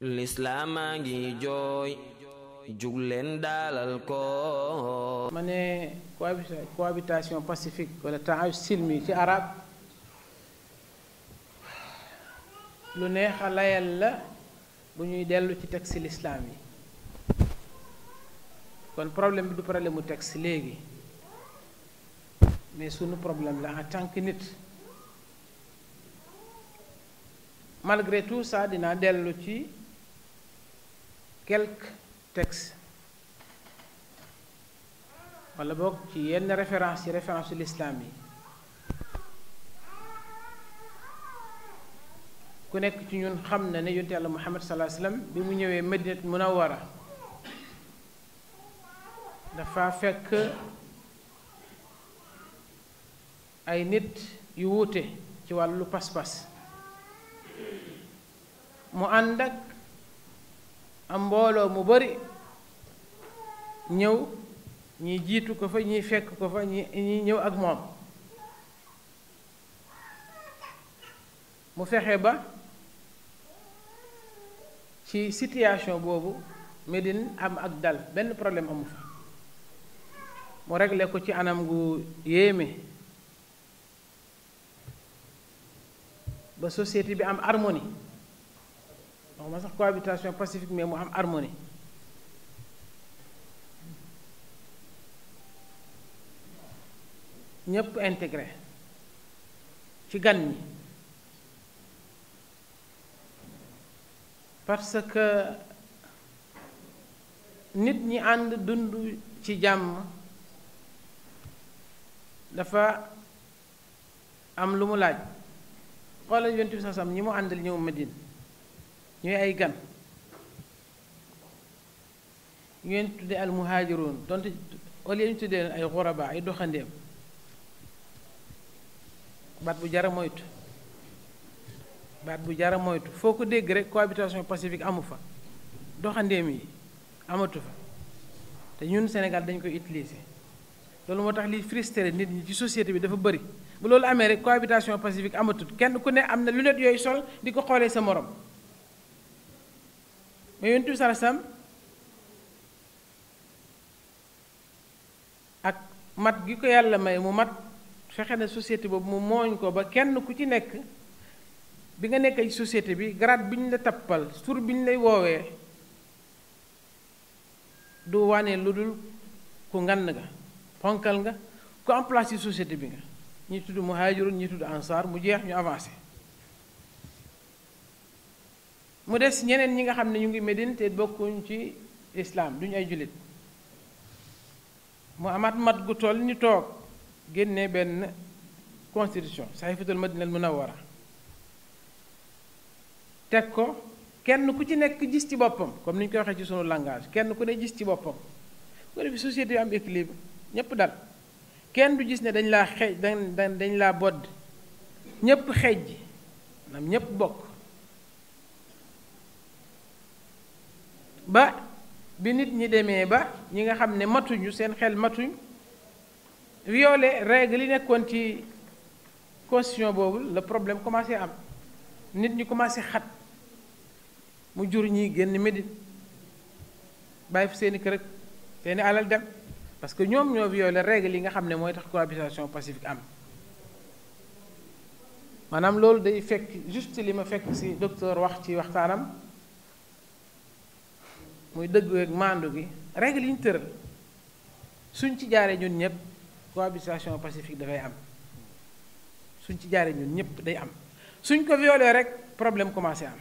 lislaamaa ngi jooy jug leen daalal ko ma ne cohabitation pacifique wala taaj silmi ci arab lu neex layal la bu ñuy dellu ci texte lislaam yi kon problème bi du problème mu texte léegi mais sunu problème la en tant nit malgré tout ça dinaa dellu ci quelques textes wala boog ci yenn référence ci référence l'islam yi ku nekk ci ñun xam na ne yonte yàlla muhammad salaa sallam bi mu ñëwee madinat munawara dafa fekk ay nit yu wuute ci wàllu pas-pas mu ànd ak am mbooloo mu bari ñëw ñi jiitu ko fa ñi fekk ko fa ñi ñi ñëw ak moom mu fexe ba ci situation boobu Médine am ak dal benn problème amu fa mu réglé ko ci anam gu yéeme ba société bi am harmonie wax ma sax cohabitation pacifique mais mu am harmonie ñépp intégré ci gan ñi parce que nit ñi ànd dund ci jàmm dafa am lu mu laaj xoolal yonent bi sax ñi mu àndal ñëw din ñooy ay gan ñu leen tudde al muhaajiroon donte au lieu ñu tuddee leen ay xuraba ay doxandéem baat bu jara moytu baat bu jara moytu foo ko dégg rek cohabitation pacifique amu fa doxandeem yi amatu fa te ñun senegal dañ koy utiliser loolu moo tax li frustré nit ñi ci société bi dafa bëri bu loolu amee rek cohabitation pacifique amatut kenn ku ne am na lu net yooyu sol di ko xoolee sa moroom mais yonent bi salaasam ak mat gi ko yàlla may mu mat fexe na société boobu mu mooñ ko ba kenn ku ci nekk bi nga nekk ay société bi grade bi ñu la tappal tur bi ñu lay woowee du wane lu dul ku ngann ga ponkal nga ku am place ci société bi nga ñi tudd muhaajirun ñi tudd ansaar mu jeex ñu avancé mu des ñeneen ñi nga xam ne ñu ngi Médine te bokkuñ ci islaam duñu ay jullit mu amat mat gu toll ni toog génne benn constitution saxifatul mën a munawara teg ko kenn ku ci nekk gis ci boppam comme ni ñu koy waxee ci sunu langage kenn ku ne gis ci boppam ko defi société bi am équilibre ñépp dal kenn du gis ne dañ la xej dañ dañ laa bodd ñépp xej maanaam ñépp bokk ba bi nit ñi demee ba ñi nga xam ne matuñu seen xel matuñ violé règle yi nekkoon ci constitution boobu la problème commencé am nit ñi commencé xat mu jur ñi génn Médine bàyyi fu seeni kër seeni alal dem parce que ñoom ñoo violé règle yi nga xam ne mooy tax cohabitation pacifique am maanaam loolu day fekk juste li ma fekk ci docteur wax ci waxtaanam muy dëggu ak maandu gi règle yi ñu suñ ci jaaree ñun ñëpp cohabitation pacifique dafay am suñ ci jaaree ñun ñëpp day am suñ ko violé rek problème commencé am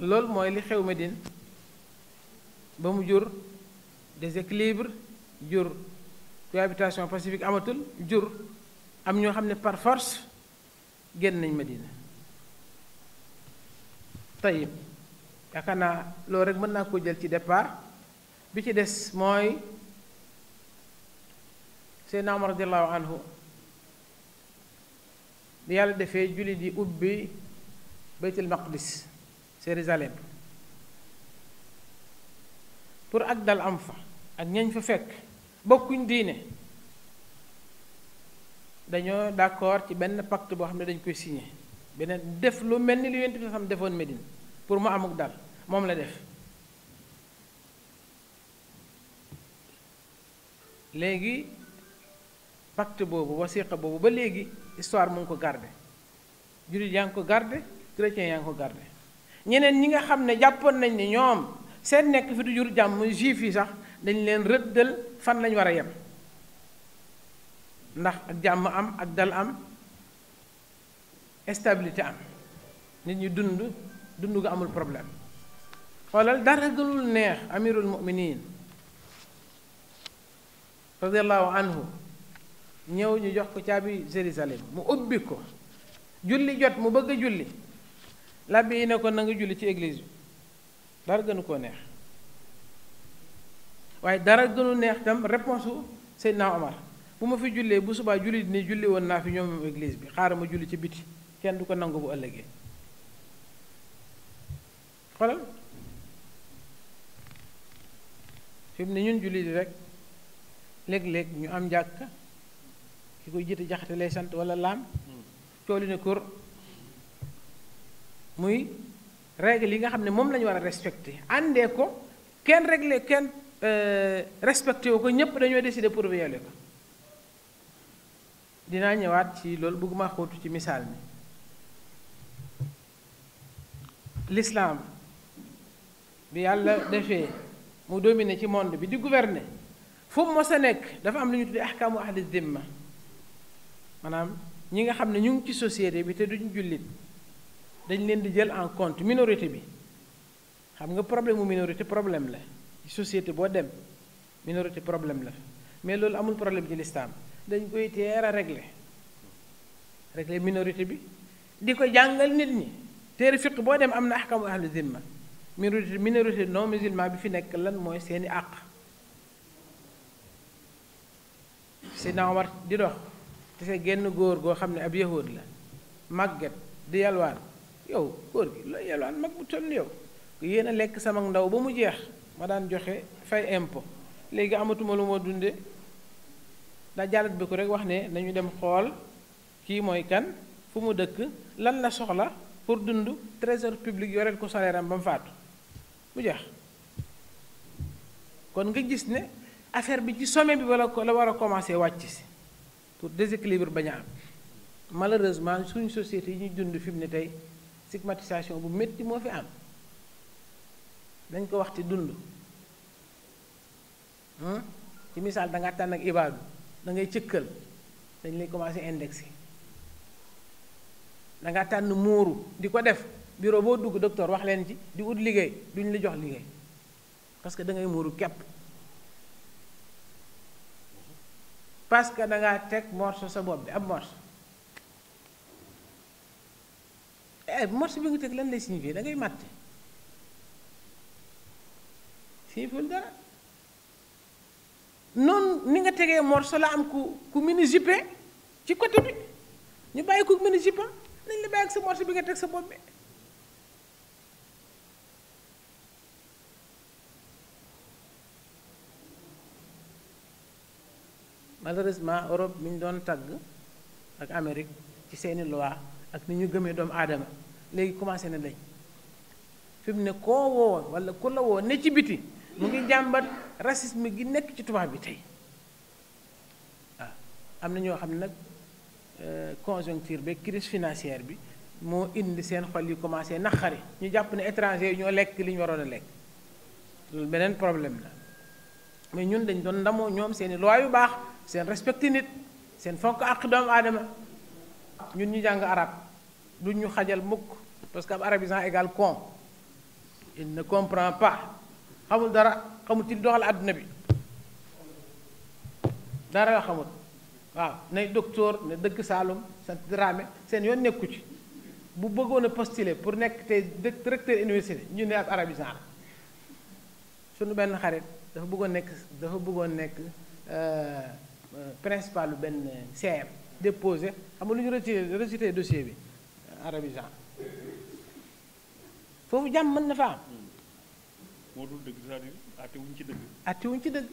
loolu mooy li xew Médine ba mu jur déséquilibre jur cohabitation pacifique amatul jur am ñoo xam ne par force génn nañ Médine tayib yaakaar naa loolu rek mën naa ko jël ci départ bi ci des mooy Seydina Omar radiallahu anhu bi yàlla defee jullit yi ubbi beytul maqdis Jérusalem pour ak dal am fa ak ñañ fa fekk bokkuñ diine dañoo d'accord ci benn pacte boo xam ne dañ koy signé beneen def lu mel ni lu yonent bi xam defoon medin pour mu amuk dal moom la def léegi pacte boobu wasiqa boobu ba léegi histoire mu ngi ko garde jullit yaa ngi ko garde chrétien yaa ngi ko garde ñeneen ñi nga xam ne jàppoon nañ ni ñoom seen nekk fi du jur jàmm muy juif yi sax dañ leen rëddal fan lañ war a yem ndax ak jàmm am ak dal am stabilité am nit ñi dund dund ga amul problème xoolal dara gënul neex amirul muminin radiallahu anhu ñëw ñu jox ko caabi Jérusalem mu ubbi ko julli jot mu bëgg julli labbi yi ne ko na nga julli ci église bi dara gënu koo neex waaye dara gënu neex tam réponse u Seydina Omar bu ma fi jullee bu subaa julli ni julli woon naa fi ñoom église bi xaaral ma julli ci biti kenn du ko nangu bu ëllëgee xoolal fi ne ñun jullit yi rek léeg-léeg ñu am njàkk ki koy jiite jaxate lay sant wala laam cooli ne kor muy règle yi nga xam ne moom lañu war a respecté àndee ko kenn réglé kenn euh, respecté wu ko ñépp dañoo décidé pour violer dinaa ñëwaat ci loolu bëgguma xóotu ci misaal mi lislaam bi yàlla defee mu dominer ci monde bi di gouverner fu mu mos a nekk dafa am lu ñu tuddee ahkaamu ahli dimma maanaam ñi nga xam ne ñu ngi ci société bi te duñu jullit dañ leen di jël en compte minorité bi xam nga problème mu minorité problème la société boo dem minorité problème la mais loolu amul problème ci lislaam dañ koy teer a régler régler minorité bi di ko jàngal nit ñi téere fiq boo dem am na ahkaamu ahli dimma minorité minorité non musulman bi fi nekk lan mooy seeni àq Seydina Omar di dox te se genn góor goo xam ne ab yahuud la màgget di yalwaan yow góor gi looy yalwaan mag bu toll yow yéen a lekk sama ndaw ba mu jeex ma daan joxe fay impo léegi amatuma lu moo dunde da jàllat bi ko rek wax ne nañu dem xool kii mooy kan fu mu dëkk lan la soxla pour dund trésor public yoreel ko salaire am ba mu faatu mu jeex kon nga gis ne affaire bi ci sommet bi wala la war a commencé wàcc si pour déséquilibre bañ a am malheureusement suñu société yi ñuy dund fi mu ne tey stigmatisation bu métti moo fi am dañ ko wax ci dund hmm? ci misaal da nga tànn ak ibaadu da ngay dañ lay commencé indexé da nga tànn muuru di ko def bureau boo dugg docteur wax leen ji di ut liggéey duñ la jox liggéey parce que da ngay muuru képp parce que da ngaa teg morso sa bopp bi ab morso eh morso bi nga teg lan lay signifié da ngay màtte signifié dara noonu ni nga tegee morso la am ku ku mini jupe ci côté bi ñu bàyyi ku mini jupe nañ la bàyyi ak sa morso bi nga teg sa bopp malheureusement Europe mi ñu doon tagg ak Amérique ci seeni loi ak ni ñu gëmee doomu aadama léegi commencé na lañ fi mu ne koo woo wala ku la woo ne ci biti mu ngi jàmbat racisme gi nekk ci tubaab bi tey am na ñoo xam ne nag euh, conjoncture bi crise financière bi moo indi seen xol yi commencé naqari ñu jàpp ne étranger yi ñoo lekk li ñu waroon a lekk loolu beneen problème la mais ñun dañ doon ndamoo ñoom seeni loi yu baax seen respecté nit seen fonk àq doomu aadama ñun ñu jàng arab du ñu xajal mukk parce que ab arabisant égal con il ne comprend pa xamul dara xamul ci doxal àdduna bi dara la xamul waaw nay docteur ne dëkk Saalum sant Dramé seen yoon nekku ci bu bëggoon a postuler pour nekk tey directeur université ñu ne ab arabisant la sunu benn xarit dafa bëggoon nekk dafa bëggoon nekk euh, principal lu benn CM déposé xam nga lu ñu retiré retiré dossier bi en révisant foofu jàmm mën na fa am. moo dul dëgg c'est-à-dire àttewuñ ci dëgg. àttewuñ ci dëgg.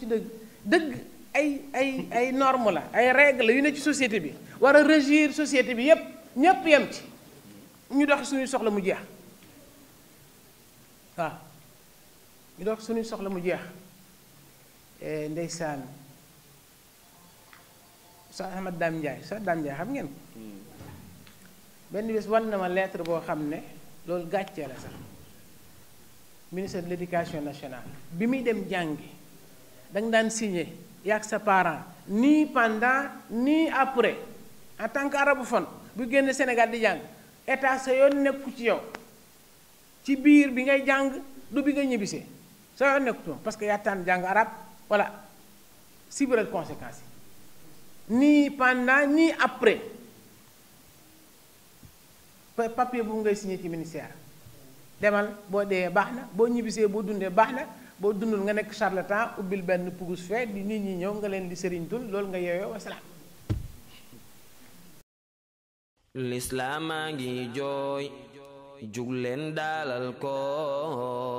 ci dëgg dëgg ay ay ay norme la ay règle yu ne ci société bi war a régir société bi yépp ñépp yem ci ñu dox suñuy soxla mu jeex waaw ñu dox suñuy soxla mu jeex. Eh, ndeysaan sa Ahmad Dame sa Dame Ndiaye xam ngeen ko hmm. benn bés wan na ma lettre boo xam ne loolu gàccee la sax ministre de l'éducation nationale bi muy dem jàng da daan signé yaag sa parent ni pendant ni après en tant que arabophone bu génn Sénégal di jàng état sa yoon nekku ci yow ci biir bi ngay jàng du bi nga ñibbisee sa yoon nekku ci parce que yaa tànn jàng arab voilà subiral conséquences yi nii pendant nii après papier bu ngay signé ci ministère demal boo dee baax na boo ñibbisee boo dundee baax na boo dundul nga nekk charlatan ubbil benn pugus fee di nit ñi ñëw nga leen di dun loolu nga yeeyoo wasalaam lislaamaa ngi jooy jug leen daalal ko